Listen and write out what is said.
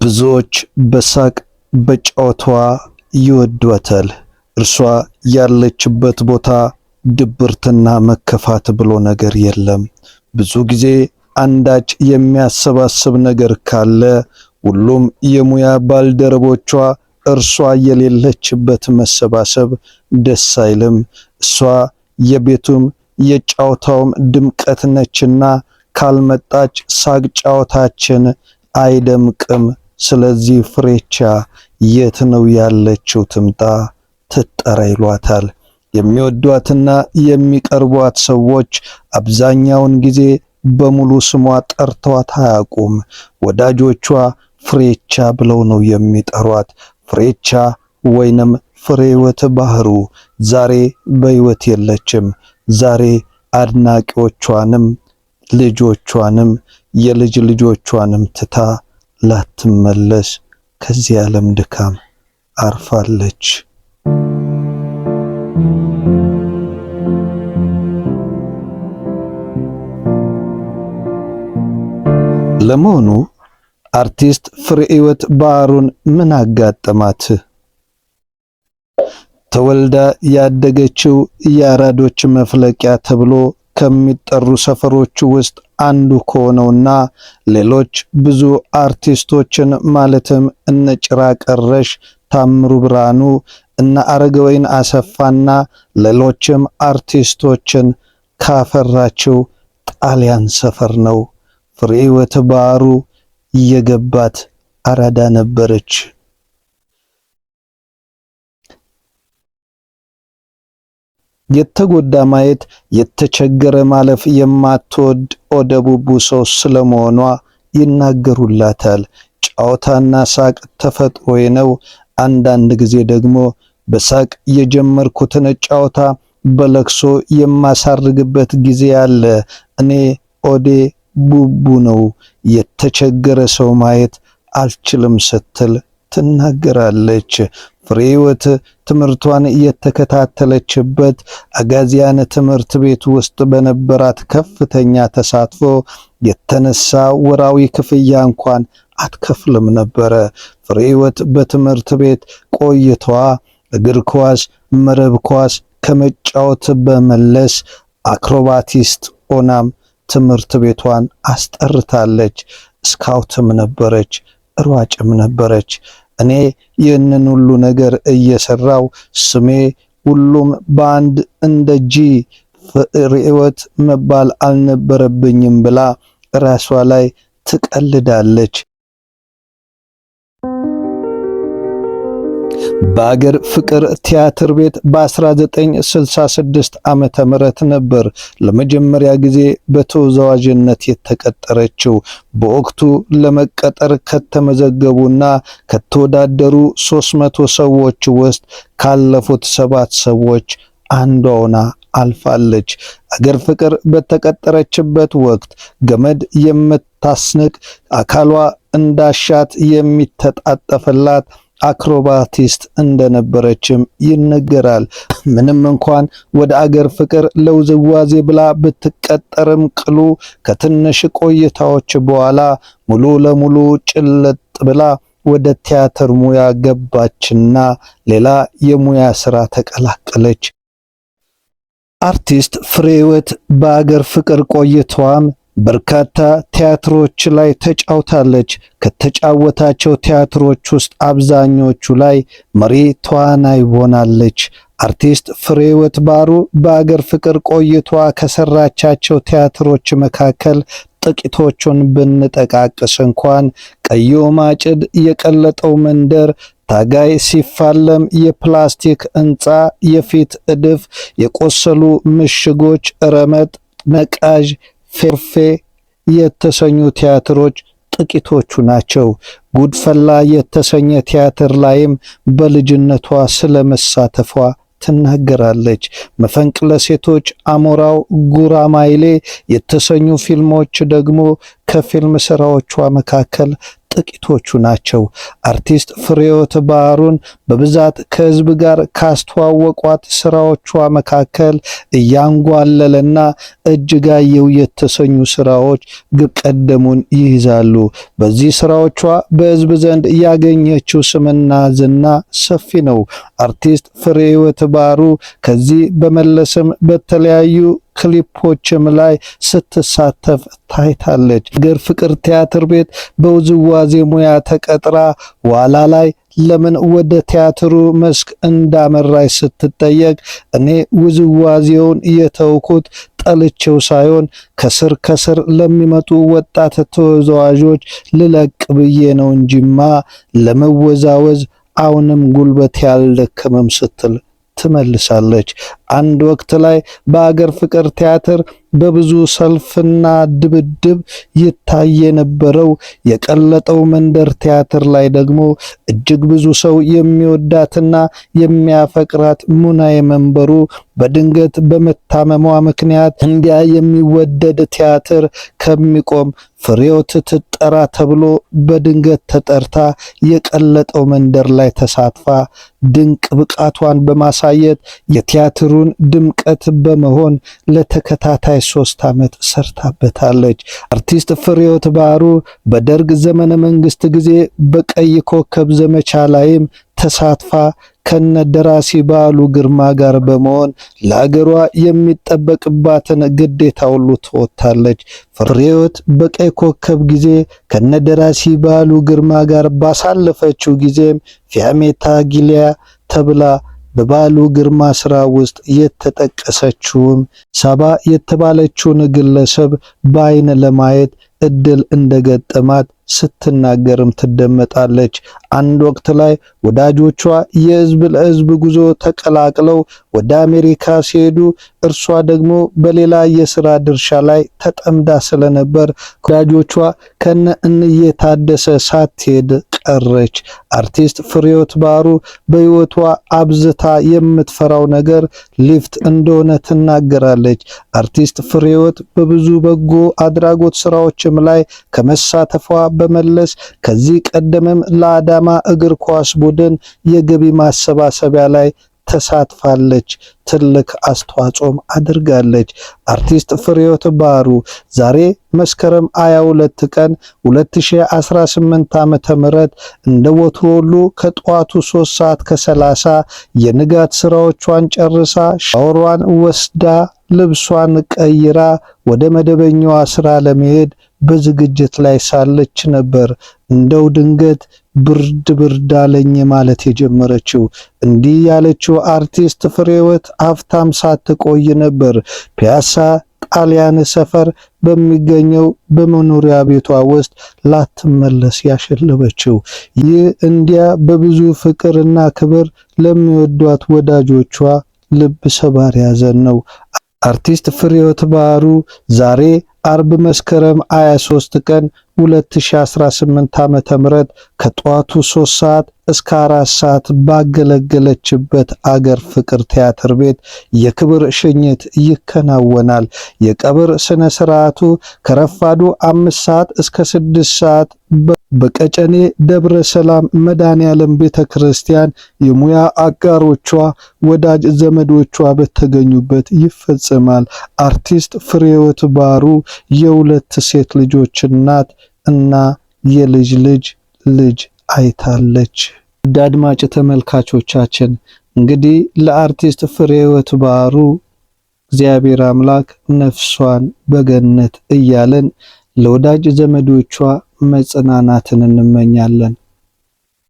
ብዙዎች በሳቅ በጨዋታዋ ይወዷታል። እርሷ ያለችበት ቦታ ድብርትና መከፋት ብሎ ነገር የለም። ብዙ ጊዜ አንዳች የሚያሰባስብ ነገር ካለ ሁሉም የሙያ ባልደረቦቿ እርሷ የሌለችበት መሰባሰብ ደስ አይልም። እሷ የቤቱም የጨዋታውም ድምቀት ነችና ካልመጣች ሳቅ ጨዋታችን አይደምቅም። ስለዚህ ፍሬቻ የት ነው ያለችው? ትምጣ ትጠራ ይሏታል። የሚወዷትና የሚቀርቧት ሰዎች አብዛኛውን ጊዜ በሙሉ ስሟ ጠርተዋት አያውቁም። ወዳጆቿ ፍሬቻ ብለው ነው የሚጠሯት። ፍሬቻ ወይንም ፍሬህይወት ባህሩ ዛሬ በህይወት የለችም። ዛሬ አድናቂዎቿንም ልጆቿንም የልጅ ልጆቿንም ትታ ላትመለስ ከዚህ ዓለም ድካም አርፋለች። ለመሆኑ አርቲስት ፍሬህይወት ባህሩን ምን አጋጠማት? ተወልዳ ያደገችው የአራዶች መፍለቂያ ተብሎ ከሚጠሩ ሰፈሮች ውስጥ አንዱ ከሆነውና ሌሎች ብዙ አርቲስቶችን ማለትም እነ ጭራቀረሽ ታምሩ ብርሃኑ፣ እነ አረገወይን አሰፋና ሌሎችም አርቲስቶችን ካፈራችው ጣሊያን ሰፈር ነው ፍሬሕይወት ባህሩ የገባት አራዳ ነበረች። የተጎዳ ማየት፣ የተቸገረ ማለፍ የማትወድ ኦደቡቡ ሰው ስለመሆኗ ይናገሩላታል። ጨዋታና ሳቅ ተፈጥሮዬ ነው። አንዳንድ ጊዜ ደግሞ በሳቅ የጀመርኩትን ጨዋታ በለቅሶ የማሳርግበት ጊዜ አለ። እኔ ኦዴ ቡቡ ነው። የተቸገረ ሰው ማየት አልችልም ስትል ትናገራለች። ፍሬ ሕይወት ትምህርቷን የተከታተለችበት አጋዚያን ትምህርት ቤት ውስጥ በነበራት ከፍተኛ ተሳትፎ የተነሳ ወራዊ ክፍያ እንኳን አትከፍልም ነበረ። ፍሬ በትምህርት ቤት ቆይታዋ እግር ኳስ፣ መረብ ኳስ ከመጫወት በመለስ አክሮባቲስት ኦናም ትምህርት ቤቷን አስጠርታለች። ስካውትም ነበረች። ሯጭም ነበረች። እኔ ይህንን ሁሉ ነገር እየሰራው ስሜ ሁሉም በአንድ እንደ ጂ መባል አልነበረብኝም ብላ ራሷ ላይ ትቀልዳለች። በአገር ፍቅር ቲያትር ቤት በ1966 ዓመተ ምህረት ነበር ለመጀመሪያ ጊዜ በተወዛዋዥነት የተቀጠረችው። በወቅቱ ለመቀጠር ከተመዘገቡና ከተወዳደሩ 300 ሰዎች ውስጥ ካለፉት ሰባት ሰዎች አንዷ ሆና አልፋለች። አገር ፍቅር በተቀጠረችበት ወቅት ገመድ የምታስንቅ አካሏ እንዳሻት የሚተጣጠፈላት አክሮባቲስት እንደነበረችም ይነገራል። ምንም እንኳን ወደ አገር ፍቅር ለውዝዋዜ ብላ ብትቀጠርም ቅሉ ከትንሽ ቆይታዎች በኋላ ሙሉ ለሙሉ ጭለጥ ብላ ወደ ቲያትር ሙያ ገባችና ሌላ የሙያ ስራ ተቀላቀለች። አርቲስት ፍሬህይወት በአገር ፍቅር ቆይታዋም በርካታ ቲያትሮች ላይ ተጫውታለች። ከተጫወታቸው ቲያትሮች ውስጥ አብዛኞቹ ላይ መሪ ተዋናይ ሆናለች። አርቲስት ፍሬህይወት ባህሩ በአገር ፍቅር ቆይቷ ከሰራቻቸው ቲያትሮች መካከል ጥቂቶቹን ብንጠቃቅስ እንኳን ቀዩ ማጭድ፣ የቀለጠው መንደር ታጋይ ሲፋለም፣ የፕላስቲክ ሕንፃ፣ የፊት እድፍ፣ የቆሰሉ ምሽጎች፣ ረመጥ፣ ነቃዥ ፌርፌ የተሰኙ ቲያትሮች ጥቂቶቹ ናቸው። ጉድፈላ የተሰኘ ቲያትር ላይም በልጅነቷ ስለመሳተፏ ትናገራለች። መፈንቅለ ሴቶች፣ አሞራው፣ ጉራማይሌ የተሰኙ ፊልሞች ደግሞ ከፊልም ስራዎቿ መካከል ጥቂቶቹ ናቸው። አርቲስት ፍሬሕይወት ባህሩን በብዛት ከህዝብ ጋር ካስተዋወቋት ስራዎቿ መካከል እያንጓለለና እጅጋየው የተሰኙ ስራዎች ግብ ቀደሙን ይይዛሉ። በዚህ ስራዎቿ በህዝብ ዘንድ ያገኘችው ስምና ዝና ሰፊ ነው። አርቲስት ፍሬሕይወት ባህሩ ከዚህ በመለስም በተለያዩ ክሊፖችም ላይ ስትሳተፍ ታይታለች። ገር ፍቅር ቲያትር ቤት በውዝዋዜ ሙያ ተቀጥራ ዋላ ላይ ለምን ወደ ቲያትሩ መስክ እንዳመራች ስትጠየቅ እኔ ውዝዋዜውን የተውኩት ጠልቼው ሳይሆን ከስር ከስር ለሚመጡ ወጣት ተወዛዋዦች ልለቅ ብዬ ነው እንጂማ ለመወዛወዝ አሁንም ጉልበት ያልደከመም ስትል ትመልሳለች። አንድ ወቅት ላይ በአገር ፍቅር ቲያትር በብዙ ሰልፍና ድብድብ ይታይ የነበረው የቀለጠው መንደር ቲያትር ላይ ደግሞ እጅግ ብዙ ሰው የሚወዳትና የሚያፈቅራት ሙናዬ መንበሩ በድንገት በመታመሟ ምክንያት እንዲያ የሚወደድ ቲያትር ከሚቆም ፍሬዎት ትጠራ ተብሎ በድንገት ተጠርታ የቀለጠው መንደር ላይ ተሳትፋ ድንቅ ብቃቷን በማሳየት የቲያትሩን ድምቀት በመሆን ለተከታታይ በላይ ሶስት ዓመት ሰርታበታለች። አርቲስት ፍሬሕይወት ባህሩ በደርግ ዘመነ መንግስት ጊዜ በቀይ ኮከብ ዘመቻ ላይም ተሳትፋ ከነደራሲ በዓሉ ግርማ ጋር በመሆን ለአገሯ የሚጠበቅባትን ግዴታ ሁሉ ትወጣለች። ፍሬሕይወት በቀይ ኮከብ ጊዜ ከነደራሲ በዓሉ ግርማ ጋር ባሳለፈችው ጊዜም ፊያሜታ ጊሊያ ተብላ በባሉ ግርማ ሥራ ውስጥ የተጠቀሰችውም ሰባ የተባለችውን ግለሰብ በአይን ለማየት እድል እንደገጠማት ስትናገርም ትደመጣለች። አንድ ወቅት ላይ ወዳጆቿ የህዝብ ለህዝብ ጉዞ ተቀላቅለው ወደ አሜሪካ ሲሄዱ እርሷ ደግሞ በሌላ የስራ ድርሻ ላይ ተጠምዳ ስለነበር ወዳጆቿ ከነ እንየታደሰ ሳትሄድ ቀረች። አርቲስት ፍሬህይወት ባህሩ በህይወቷ አብዝታ የምትፈራው ነገር ሊፍት እንደሆነ ትናገራለች። አርቲስት ፍሬህይወት በብዙ በጎ አድራጎት ስራዎችም ላይ ከመሳተፏ በመለስ ከዚህ ቀደምም ለአዳማ እግር ኳስ ቡድን የገቢ ማሰባሰቢያ ላይ ተሳትፋለች፣ ትልቅ አስተዋጽኦም አድርጋለች። አርቲስት ፍሬሕይወት ባህሩ ዛሬ መስከረም 22 ቀን 2018 ዓመተ ምህረት እንደ ወትሮ ሁሉ ከጠዋቱ 3 ሰዓት ከ30 የንጋት ስራዎቿን ጨርሳ ሻወሯን ወስዳ ልብሷን ቀይራ ወደ መደበኛዋ ስራ ለመሄድ በዝግጅት ላይ ሳለች ነበር። እንደው ድንገት ብርድ ብርድ አለኝ ማለት የጀመረችው። እንዲህ ያለችው አርቲስት ፍሬህይወት አፍታም ሳትቆይ ነበር ፒያሳ ጣሊያን ሰፈር በሚገኘው በመኖሪያ ቤቷ ውስጥ ላትመለስ ያሸለበችው። ይህ እንዲያ በብዙ ፍቅርና ክብር ለሚወዷት ወዳጆቿ ልብ ሰባር ያዘን ነው። አርቲስት ፍሬህይወት ባህሩ ዛሬ አርብ መስከረም 23 ቀን 2018 ዓ.ም ከጠዋቱ 3 ሰዓት እስከ 4 ሰዓት ባገለገለችበት አገር ፍቅር ቲያትር ቤት የክብር ሽኝት ይከናወናል። የቀብር ስነ ስርዓቱ ከረፋዱ 5 ሰዓት እስከ 6 ሰዓት በቀጨኔ ደብረ ሰላም መድኃኔ ዓለም ቤተ ክርስቲያን የሙያ አጋሮቿ፣ ወዳጅ ዘመዶቿ በተገኙበት ይፈጸማል። አርቲስት ፍሬህይወት ባህሩ የሁለት ሴት ልጆች እናት እና የልጅ ልጅ ልጅ አይታለች። ውድ አድማጭ ተመልካቾቻችን እንግዲህ ለአርቲስት ፍሬህይወት ባህሩ እግዚአብሔር አምላክ ነፍሷን በገነት እያለን ለወዳጅ ዘመዶቿ መጽናናትን እንመኛለን።